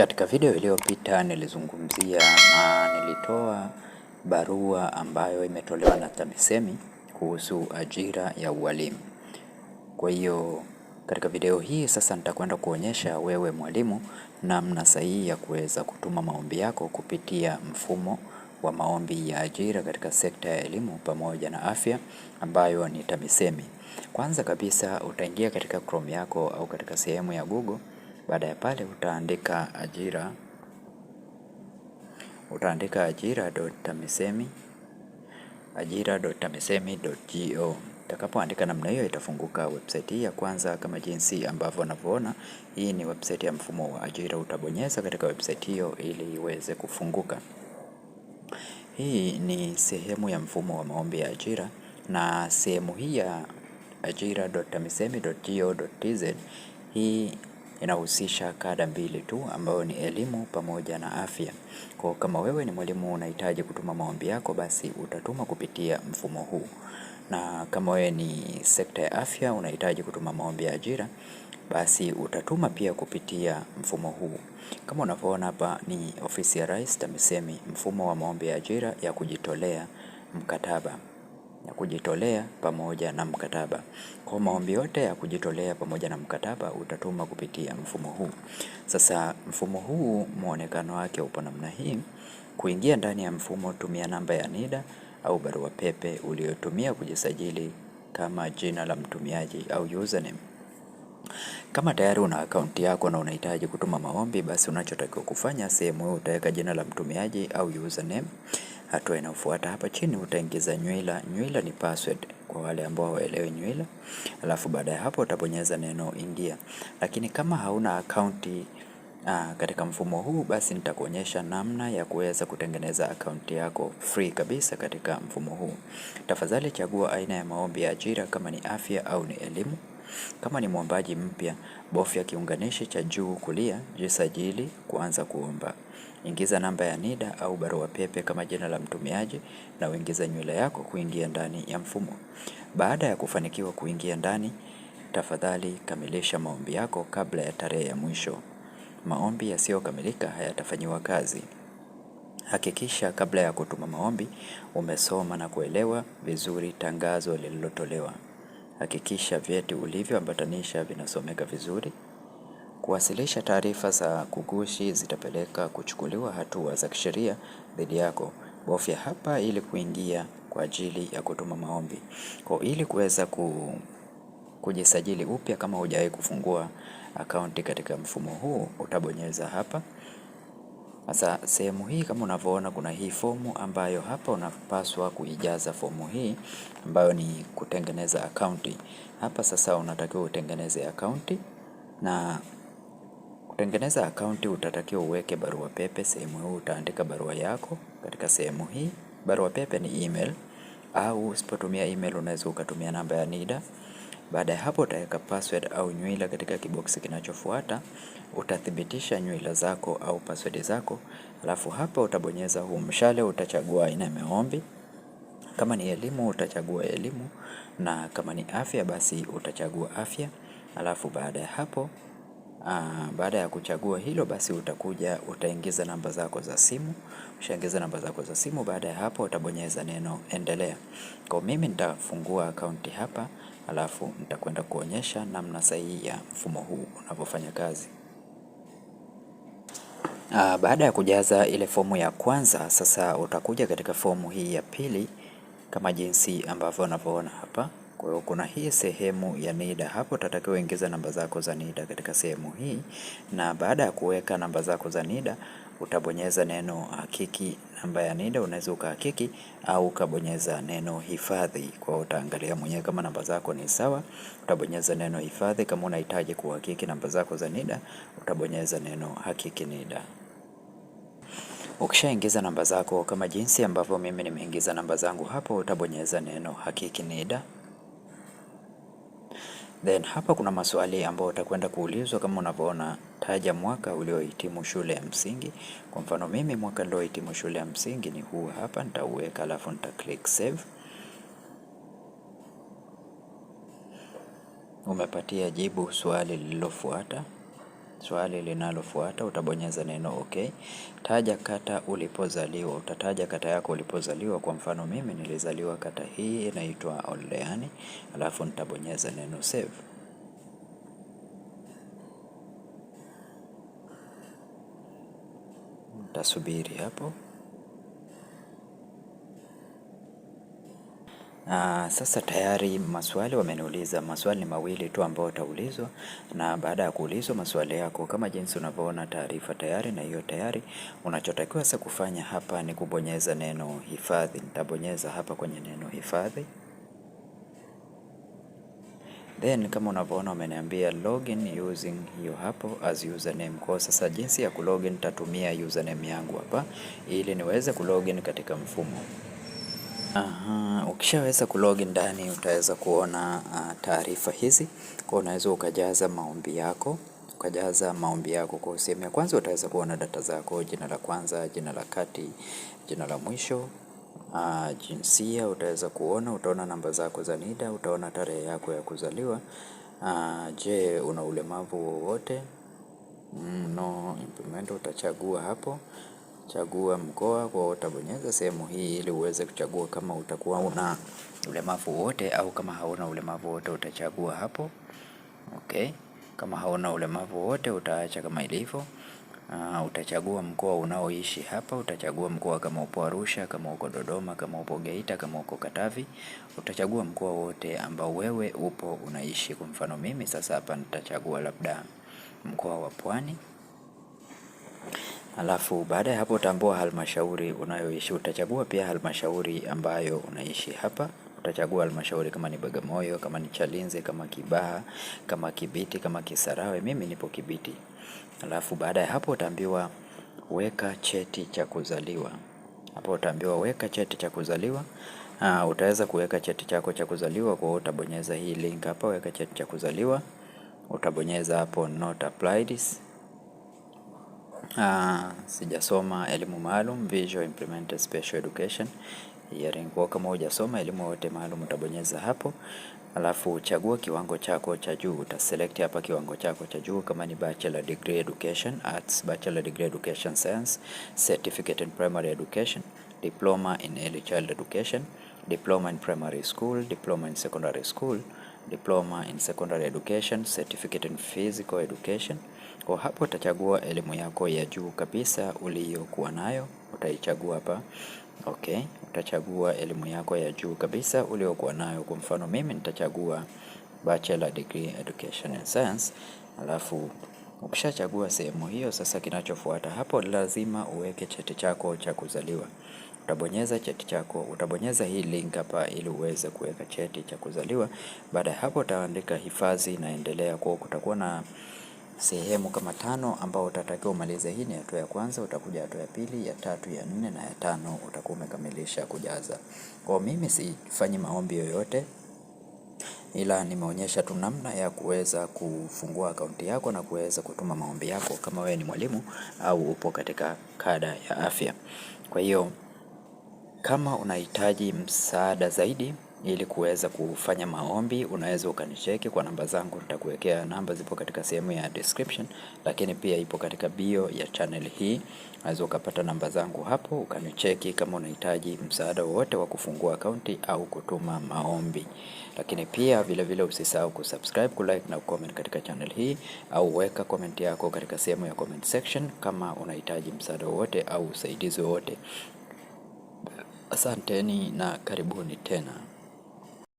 Katika video iliyopita nilizungumzia na nilitoa barua ambayo imetolewa na TAMISEMI kuhusu ajira ya ualimu. Kwa hiyo katika video hii sasa nitakwenda kuonyesha wewe mwalimu namna sahihi ya kuweza kutuma maombi yako kupitia mfumo wa maombi ya ajira katika sekta ya elimu pamoja na afya ambayo ni TAMISEMI. Kwanza kabisa utaingia katika Chrome yako au katika sehemu ya Google baada ya pale utaandika ajira, utaandika dot go. Utakapoandika namna hiyo, itafunguka website hii ya kwanza kama jinsi ambavyo unavyoona. Hii ni website ya mfumo wa ajira. Utabonyeza katika website hiyo ili iweze kufunguka. Hii ni sehemu ya mfumo wa maombi ya ajira, na sehemu hii ya ajira.tamisemi.go.tz hii inahusisha kada mbili tu ambayo ni elimu pamoja na afya. Kwa kama wewe ni mwalimu unahitaji kutuma maombi yako, basi utatuma kupitia mfumo huu, na kama wewe ni sekta ya afya unahitaji kutuma maombi ya ajira, basi utatuma pia kupitia mfumo huu. Kama unavyoona hapa ni ofisi ya Rais TAMISEMI, mfumo wa maombi ya ajira ya kujitolea mkataba ya kujitolea pamoja na mkataba. Kwa maombi yote ya kujitolea pamoja na mkataba utatuma kupitia mfumo huu. Sasa mfumo huu muonekano wake upo namna hii. Kuingia ndani ya mfumo, tumia namba ya NIDA au barua pepe uliyotumia kujisajili kama jina la mtumiaji au username. Kama tayari una akaunti yako na unahitaji kutuma maombi, basi unachotakiwa kufanya sehemu hii utaweka jina la mtumiaji au username. Hatua inayofuata hapa chini utaingiza nywila. Nywila ni password kwa wale ambao hawaelewi nywila, alafu baada ya hapo utabonyeza neno ingia. Lakini kama hauna akaunti Aa, ah, katika mfumo huu basi nitakuonyesha namna ya kuweza kutengeneza akaunti yako free kabisa katika mfumo huu. Tafadhali chagua aina ya maombi ya ajira kama ni afya au ni elimu. Kama ni mwombaji mpya, bofya kiunganishi cha juu kulia, jisajili, kuanza kuomba. Ingiza namba ya NIDA au barua pepe kama jina la mtumiaji na uingize nywila yako kuingia ndani ya mfumo. Baada ya kufanikiwa kuingia ndani, tafadhali kamilisha maombi yako kabla ya tarehe ya mwisho. Maombi yasiyokamilika hayatafanyiwa kazi. Hakikisha kabla ya kutuma maombi, umesoma na kuelewa vizuri tangazo lililotolewa. Hakikisha vyeti ulivyoambatanisha vinasomeka vizuri. Kuwasilisha taarifa za kugushi zitapeleka kuchukuliwa hatua za kisheria dhidi yako. Bofya hapa ili kuingia kwa ajili ya kutuma maombi. Kwa ili kuweza ku, kujisajili upya kama hujawahi kufungua akaunti katika mfumo huu utabonyeza hapa. Sasa sehemu hii kama unavyoona kuna hii fomu ambayo hapa unapaswa kuijaza fomu hii ambayo ni kutengeneza akaunti. Hapa sasa unatakiwa utengeneze akaunti na kutengeneza akaunti utatakiwa uweke barua pepe sehemu hii, utaandika barua yako katika sehemu hii. Barua pepe ni email au usipotumia email unaweza ukatumia namba ya NIDA. Baada ya hapo utaweka password au nywila katika kiboksi kinachofuata, utathibitisha nywila zako au password zako, alafu hapa utabonyeza huu mshale, utachagua aina ya maombi. Kama ni elimu utachagua elimu, na kama ni afya basi utachagua afya. Alafu baada ya hapo aa, baada ya kuchagua hilo basi utakuja utaingiza namba zako za simu. Ushaingiza namba zako za simu, baada ya hapo utabonyeza neno endelea. Kwa mimi nitafungua akaunti hapa halafu nitakwenda kuonyesha namna sahihi ya mfumo huu unavyofanya kazi. Aa, ah, baada ya kujaza ile fomu ya kwanza, sasa utakuja katika fomu hii ya pili kama jinsi ambavyo unavyoona hapa. Kwa hiyo kuna hii sehemu ya NIDA hapo, utatakiwa ingiza namba zako za NIDA katika sehemu hii, na baada ya kuweka namba zako za NIDA utabonyeza neno hakiki namba ya NIDA, unaweza ukahakiki au ukabonyeza neno hifadhi. Kwa hiyo utaangalia mwenyewe kama namba zako ni sawa, utabonyeza neno hifadhi. Kama unahitaji kuhakiki namba zako za NIDA, utabonyeza neno hakiki NIDA. Ukishaingiza namba zako kama jinsi ambavyo mimi nimeingiza namba zangu hapo, utabonyeza neno hakiki NIDA. Then hapa kuna maswali ambayo utakwenda kuulizwa kama unavyoona, taja mwaka uliohitimu shule ya msingi. Kwa mfano mimi mwaka niliohitimu shule ya msingi ni huu hapa, nitauweka alafu nita click save. Umepatia jibu swali lililofuata. Swali linalofuata utabonyeza neno OK. Taja kata ulipozaliwa. Utataja kata yako ulipozaliwa. Kwa mfano, mimi nilizaliwa kata hii inaitwa Oleani, alafu nitabonyeza neno save. Nitasubiri hapo. Aa, ah, sasa tayari maswali wameniuliza, maswali mawili tu ambayo utaulizwa, na baada ya kuulizwa maswali yako kama jinsi unavyoona taarifa tayari na hiyo tayari, unachotakiwa sasa kufanya hapa ni kubonyeza neno hifadhi. Nitabonyeza hapa kwenye neno hifadhi, then kama unavyoona wameniambia login using hiyo hapo as username. Kwa sasa jinsi ya kulogin, tatumia username yangu hapa ili niweze kulogin katika mfumo Aha, ukishaweza kulog ndani utaweza kuona uh, taarifa hizi kwa unaweza ukajaza maombi yako ukajaza maombi yako kwa sehemu ya kwanza, utaweza kuona data zako, jina la kwanza, jina la kati, jina la mwisho Uh, jinsia utaweza kuona, utaona namba zako za NIDA, utaona tarehe yako ya kuzaliwa. Uh, je, una ulemavu wowote? Mm, no implement utachagua hapo. Chagua mkoa kwa utabonyeza sehemu hii ili uweze kuchagua kama utakuwa una ulemavu wote au kama hauna ulemavu wote utachagua hapo. Okay. Kama hauna ulemavu wote utaacha kama ilivyo. Uh, Utachagua mkoa unaoishi hapa. Utachagua mkoa kama upo Arusha, kama uko Dodoma, kama upo Geita, kama uko Katavi. Utachagua mkoa wote ambao wewe upo unaishi kwa mfano mimi sasa hapa nitachagua labda mkoa wa pwani. Alafu baada ya hapo utambua halmashauri unayoishi. Utachagua pia halmashauri ambayo unaishi hapa. Utachagua halmashauri kama ni Bagamoyo, kama ni Chalinze, kama Kibaha, kama Kibiti, kama Kisarawe. Mimi nipo Kibiti. Alafu baada ya hapo utaambiwa weka cheti cha kuzaliwa. Hapo utaambiwa weka cheti cha kuzaliwa. Aa, ah, utaweza kuweka cheti chako cha kuzaliwa kwa utabonyeza hii link hapa, weka cheti cha kuzaliwa. Utabonyeza hapo not applied Uh, sijasoma elimu maalum Visual Implemented Special Education. Yarengo kama hujasoma elimu yote maalum utabonyeza hapo, alafu uchagua kiwango chako cha juu. Utaselect hapa kiwango chako cha juu, kama ni bachelor degree education arts, bachelor degree education science, certificate in primary education, diploma in early child education, diploma in primary school, diploma in secondary school diploma in secondary education, certificate in physical education. Kwa hapo utachagua elimu yako ya juu kabisa uliyokuwa nayo, utaichagua hapa. Okay, utachagua elimu yako ya juu kabisa uliyokuwa nayo. Kwa mfano mimi nitachagua bachelor degree education in science, alafu ukishachagua sehemu hiyo, sasa kinachofuata hapo lazima uweke cheti chako cha kuzaliwa utabonyeza cheti chako, utabonyeza hii link hapa ili uweze kuweka cheti cha kuzaliwa. Baada ya hapo utaandika hifadhi na endelea. Kwa kutakuwa na sehemu kama tano ambao utatakiwa umalize. Hii ni hatua ya kwanza, utakuja hatua ya pili, ya tatu, ya nne na ya tano, utakuwa umekamilisha kujaza. Kwa mimi sifanyi maombi yoyote ila nimeonyesha tu namna ya kuweza kufungua akaunti yako na kuweza kutuma maombi yako, kama wewe ni mwalimu au upo katika kada ya afya. Kwa hiyo kama unahitaji msaada zaidi ili kuweza kufanya maombi, unaweza ukanicheki kwa namba zangu, nitakuwekea namba, zipo katika sehemu ya description, lakini pia ipo katika bio ya channel hii. Unaweza ukapata namba zangu hapo, ukanicheki kama unahitaji msaada wowote wa kufungua akaunti au kutuma maombi. Lakini pia vile vile usisahau kusubscribe, kulike na kucomment katika channel hii, au weka comment yako katika sehemu ya comment section kama unahitaji msaada wowote au usaidizi wowote. Asanteni na karibuni tena.